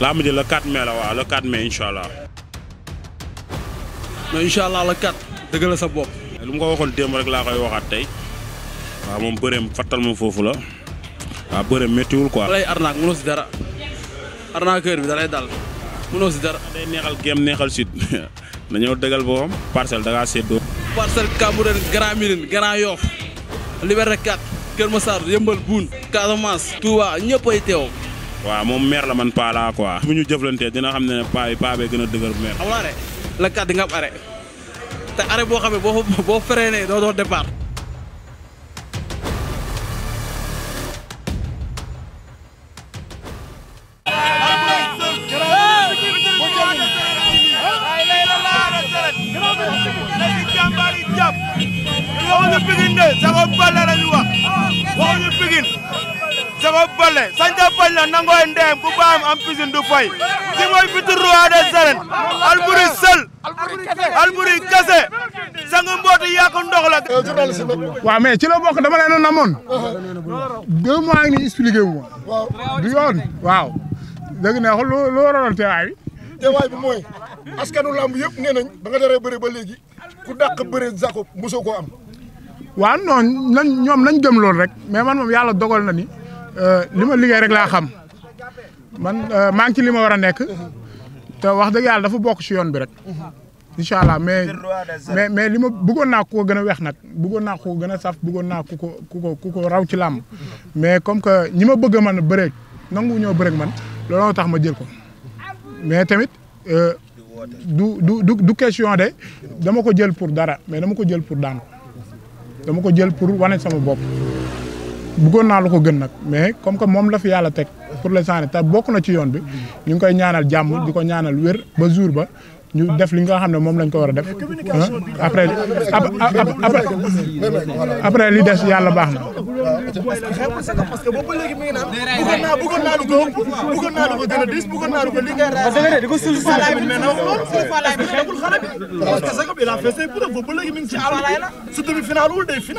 làmb ji le 4 mai la waaw le 4 mai incha allah. mais incha allah le sa bopp. lu mu ko waxoon démb rek laa koy waxaat tey waaw moom bëreem fattal ma foofu la waaw bëreem méttiwul quoi. lay arnaque mënoo si dara arnaqueur bi da lay dal mënoo si dara. day neexal géem neexal sud dañoo dëggal boppam parcelle da ngaa séddoo. parcelle Cambérène Grand Médine Grand Liberté 4 Kër Massar Yëmbal Boune Casamance Touba ñëpp teew. waaw moom maire la man paa laa quoi. bu ñu jëflantee dina xam ne paa yi paa gën a dëgër bu maire. amul la kat nga am arrêt te arrêt boo xam ne boo boo freiné doo doon départ. Pikine de saxoon Balla lañu wax waxuñu Pikine Jacob Baldé Sanca Pañ la nangooy ndeem ku baayam am piscine du fay ci mooy futur roi des arènes Alboury Seul Alboury kese sang mbooti yàqu ndox la waaw mais ci la bokk dama leen a namoon deux mois ngi ni expliqué wu ma du waaw dëgg ne lu waraloon teewaay bi teewaay bi mooy askanu lamb yëpp nee nañ ba nga daree ku dàq bëri Jacob mosoo koo am waaw non nañ ñoom nañ gëm loolu rek mais man moom yàlla dogal na ni Euh, li ma liggéey rek laa xam man euh, maa ngi ci li ma war a nekk te wax dëgg yàlla dafa bokk ci yoon bi rek incha allah mais mais mais li ma bëggoon naa ku gën a weex nag bëggoon naa ku ko gën a saf bëggoon naa ku ko ku ko ku ko raw ci làmb mais comme que ñi ma bëgg a mën a bëreeg nangu ñoo bëreeg man looloo tax ma jël ko mais tamit euh, du du du du question de dama ko jël pour dara mais dama ko jël pour daan ko dama ko jël pour wane sama bopp. bëggoon naa lu ko gën nag mais comme que moom la fi yàlla teg pour l'instant te bokk na ci yoon bi ñu ngi koy ñaanal jàmm di ko ñaanal wér ba jour ba ñu def li nga xam ne moom lañ ko war a def après li des yàlla baax na. parce que boobu ko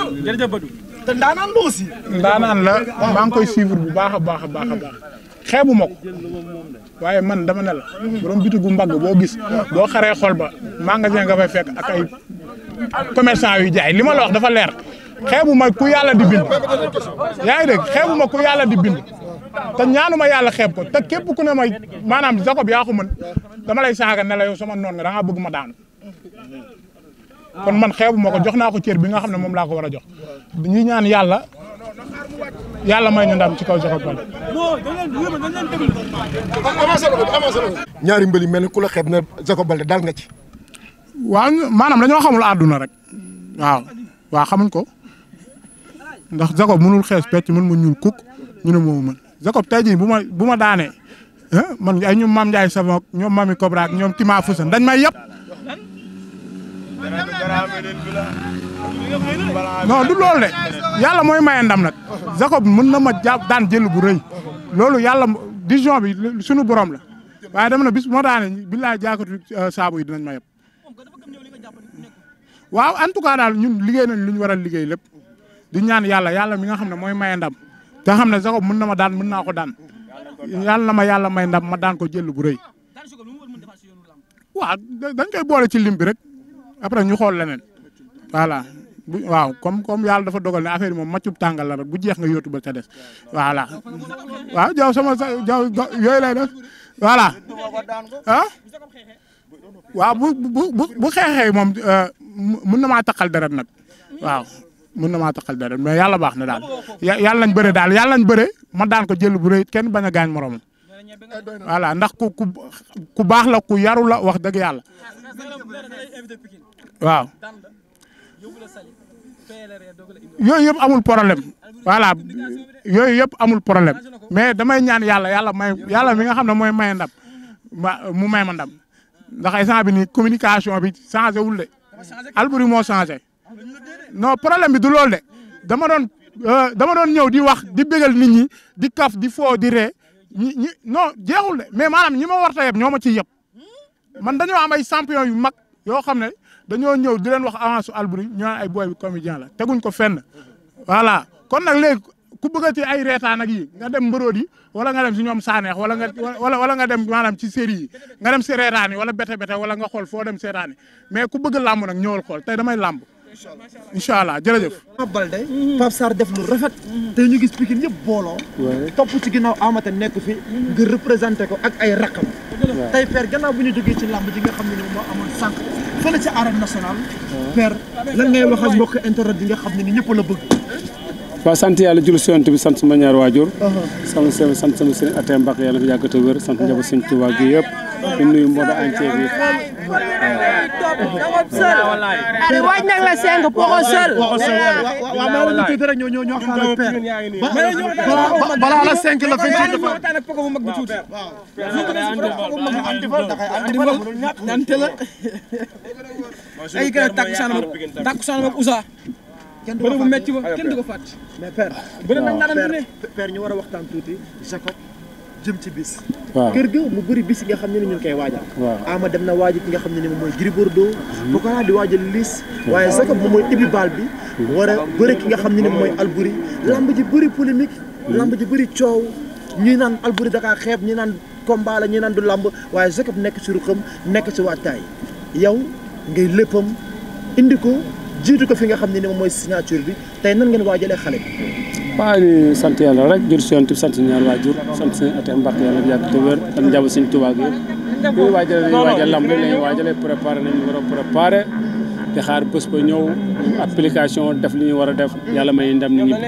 bëggoon naa te ndaanaan la aussi. ndaanaan la maa ngi koy suivre bu baax a baax a baax a baax xeebu ma ko waaye man dama ne la borom bitigu mbagg boo gis boo xaree xol ba magasin nga fay fekk ak ay commerçant yu jaay li ma la dafa leer xeebu ma ku yàlla di bind. yaa ngi dégg ma ku yàlla di bind te ñaanu ma yàlla xeeb ko te képp ku ne ma maanaam Jacob yaa ko mën dama lay saaga ne la yow sama noon nga da ngaa ma daanu. kon man xeebu ma ko jox naa ko cër bi nga xam ne moom laa ko war a jox ñi ñaan yàlla yàlla may ñu ndam ci kaw jox ak bal ñaari mbëri mel ni ku la xeeb na Jacob Baldé dal nga ci. waaw maanaam dañoo xamul àdduna rek waaw xamuñ ko ndax Jacob mënul xees pecc mën mu ñuul kuk ñu ne moomu mën Jacob tey jii bu ma bu ma daanee man ay ñoom Mame Ndiaye Savon ñoom Mami Cobra ak ñoom Tima Foussane dañ non du loolu de yàlla mooy maye ndam nag Jacob mën na ma jàpp daan jël bu rëy loolu yàlla décision bi sunu borom la waaye dama ne bis moo daane billaay jaakatu euh, saabu yi dinañ ma yëpp waaw en tout cas daal ñun liggéey nañ lu ñu war a liggéey lépp di ñaan yàlla yàlla mi nga xam ne mooy maye ndam xam ne Jacob mën na ma daan mën naa ko daan yàlla na ma yàlla may ndam ma daan ko jël bu rëy waaw dañ koy boole ci lim bi rek après ñu xool leneen voilà bu waaw comme comme yàlla dafa dogal ne affaire moom moom bu tàngal la rek bu jeex nga yóotu ba ca des voilà waaw jaw sama jaw yooyu lay def voilà ah waaw bu bu bu bu moom euh, mën na maa taqal deret nag waaw mun na maa taqal deret mais yàlla baax na daal yàlla nañ bëre daal yàlla nañ bëre ma daan ko jël bu rëy kenn bañ a gaañ moromam voilà ndax ku ku ku baax la ku yaru la wax dëgg yàlla. waaw yooyu yëpp amul problème voilà yooyu yëpp amul problème mais damay ñaan yàlla yàlla may yàlla mi nga xam ne mooy may ndam mu may ma ndam ndax instant bi nii communication bi changé wul de Alboury moo changé no problème bi du loolu de dama doon euh, dama doon ñëw di wax di bégal nit ñi di kaf di foo di ree ñi ñi non jeexul de mais maanaam ñi ma war ta ñoo ma ciy yëpp man dañoo am ay champion yu mag yoo xam ne dañoo ñëw di leen wax avance su Alboury ñu naan ay booy bi comédien la teguñ ko fenn voilà kon nag léegi ku bëggati ay reetaan yi nga dem mbëroodi wala nga dem si ñoom saaneex wala nga wala wala nga dem maanaam ci série yi nga dem si reetaan yi wala bete bete wala nga xool foo dem seetaan yi mais ku bëgg làmb nag ñëwal xool tey damay làmb incha allah jërëjëf Pape Balde Pape Sarr def lu rafet tey ñu gis Pikine yëpp booloo topp ci ginnaaw Ama Baldé nekk fi nga représenté ko ak ay rakam tey père gannaaw bu ñu jógee ci làmb ji nga xam ne ni moo amoon sànq fële ci arène nationale père lan ngay wax ak mbokk internet yi nga xam ne ni ñëpp la bëgg waaw sant yàlla jul siyant bi sant sama ñaar waajur uh-huh. sama sama sant atee mbak yàlla fi yàgg te wér sant njaboot sëñ Tuubaa gi yëpp di nuyu mbooloo ANCAR bi. waaw waaj nag la seng poxo sol. waaw maa ngi tuuti rek ñoo ñoo ñoo xam ne père. balaa balaa la seng la fii ci dëkk. ay gën a takku saan mag takku saan mag Ousa. kenn du ko ba kenn du ko fàtte. mais ñu war a waxtaan tuuti Jacob. jëm ci bis. waaw kër ga mu bëri bis yi nga xam ne ni ñu ngi koy waajal. waaw ama dem na waajal ki nga xam ne ni moom mooy Gris Bordeaux. Pokola mhm. di waajal liis. Mhm. waaye Zakab moom mooy ibbi baal bi. Mhm. war a bëri ki nga xam ni ne ni mooy Alboury. lamb ji bëri polémique. lamb ji bari coow. ñi naan Alboury dakaa xeeb ñi naan combat la ñi naan du lamb waaye Zakab nekk si ruqam nekk ci waajtaay yow ngay léppam indi ko. jiitu ko fi nga xam ne ni moom mooy signature bi tey nan ngeen waajalee xale bi. waaw sant yàlla rek jur si yonent sant ñaar sant seen atem mbàkk yàlla yàgg te wér ak njaboot suñu tubaab gi yëpp. ñu waajal ñu waajal lamb li ñu waajalee préparé nañu war a préparé def li war a def yàlla may ndam nit ñi. mais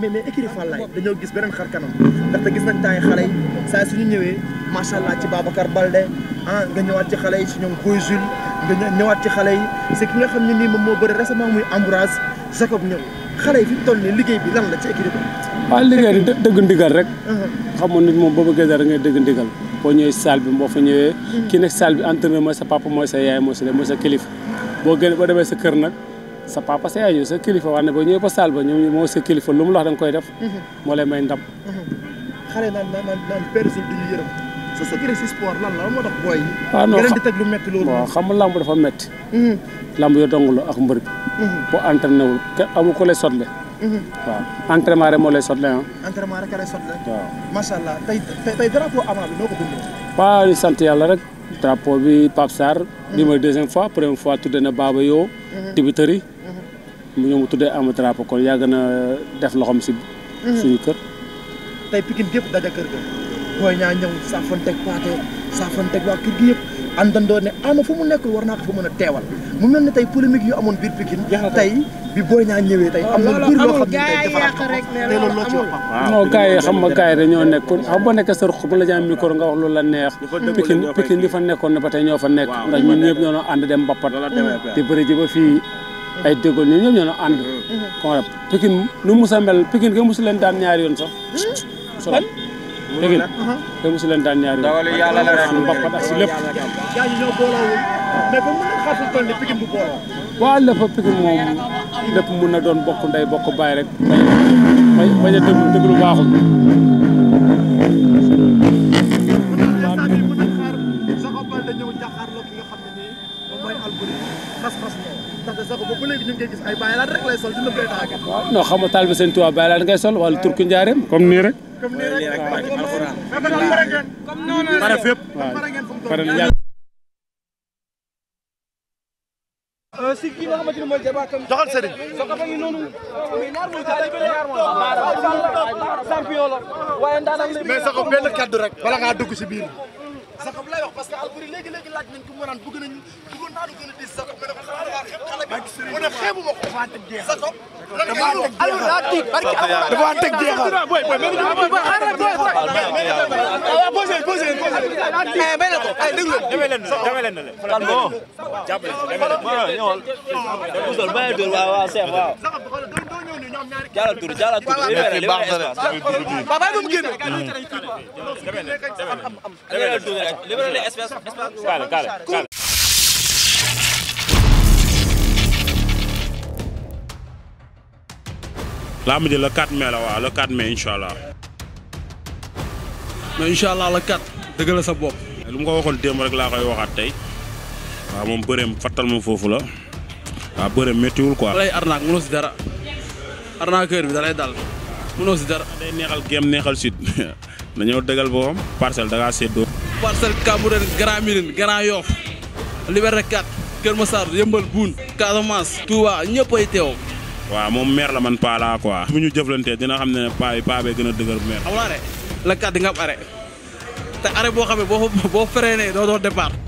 mais mais écurie Fallaye dañoo gis beneen xar kanam ndaxte gis nañ taay xale yi saa suñu ñëwee macha allah ci Babacar Balde ah nga ñëwaat ci xale yi si ñoom Boy Jules nga ñëwaat ci xale yi c'est ki nga xam ne nii moom moo bëri récemment muy Ambroise Jacob ñëw xale yi fi toll nii liggéey bi lan la ci équipe waaw ah, liggéey bi dëgg ndigal rek uh-huh. xam nga nit moom boo bëggee dara ngay dëgg ndigal boo ñëwee salle bi boo fa ñëwee uh-huh. kii nekk salle bi entraîneur mooy sa papa mooy sa yaay mooy sa sa kilifa boo gën boo demee sa kër nag sa papa sa yaay ñëw sa kilifa wax ne boo ñëwee ba salle ba moo sa kilifa lu mu la wax da nga koy def uh-huh. moo lay may sa secret si sport lan la moo tax booy ah, xam nga lamb dafa métti. Hmm. lamb yoo dong la ak mbër bi. Hmm. boo entraîné wul kenn amu ko lay sotle. Hmm. waaw entraînement moo lay sotle ah. tey tey bi noo ko dundee. sant yàlla rek drapeau bi Pape Sarr. bi mooy deuxième fois première fois tuddee na Baba Yo. Tibitari. mu ñëw mu tuddee am drapeau kon yàgg na def loxoom si. suñu kër. tey booy ñaa ñëw saafanteeg paate saafanteeg waa kër gi yëpp àndandoo ne ama fu mu nekkul war naa ko fa mën a teewal mu mel ne tey polémique yu amoon biir Pikine tey bi booy ñaa ñëwee tey am na biir loo xam ne tey defaraat te loolu loo ci wax non gars yi xam nga gars yi dañoo nekkoon xam ba nekk sa ruq bu la jaam micro nga wax loolu la neex Pikine Pikine li fa nekkoon ne ba tey ñoo fa nekk ndax ñun ñëpp ñoo doon ànd dem bappat di bëri ba fii ay déggoo ñun ñëpp ñoo doon ànd kon Pikine nu musa mel Pikine nga musu leen daan ñaar yoon sax dëgg la te mosu leen daan ñaari yoon mbappat ak si mun na doon bokk ndey bokk bàyyi rek bañ bañ a déglu déglu baaxul non xam nga taal bi seen tubaab bàyyi laat ngay sol wala turki njaareem comme nii pare fépp pare na si kii nga xamante ne mooy jabaatam doxal sëriñ soo ko fa ngi noonu mais ñaar mooy taalibe ñaar mooy champion la waaye ndaanaan la mais sax benn kaddu rek bala ngaa dugg si biir sax lay wax parce que léegi léegi laaj nañ ko bëgg nañ bëggoon naa a mu ne xeebu ma ko. dafa teg jeexal dafa teg jeexal. waaw posé posé posé. may na ko ay déglu demee leen na demee leen na leen. kan moo jàppale si demee leen. waaw ñëwal. Ousseul bàyyi dóor waaw waaw Cheikh waaw. Jalla Touré Jalla Touré libéré libéré espace. waaw bàyyi ba mu génn. demee na demee na. libéré espace espace. làmb ji le 4 la waaw le 4 mai incha allah. mais incha allah le 4. dëgg la sa bopp. lu mu ko waxoon démb rek laa koy waxaat tey waaw moom bëreem fattal ma foofu la waaw bëreem méttiwul quoi. lay arnaak bi da lay dal mënoo si dara. day neexal gem neexal sud dañoo dëggal boppam parcelle da ngaa séddoo. parcelle Cambérène Grand Médine Grand Liberté 4 Kër Massar Yëmbal Boune Casamance Touba ñëpp teew. waaw moom maire la man paa laa quoi. bu ñu jëflantee dina xam ne paa yi paa bee gën a dëgër maire. amul arrêt la kat di nga am arrêt te arrêt boo xam ne boo boo freiné doo doo départ.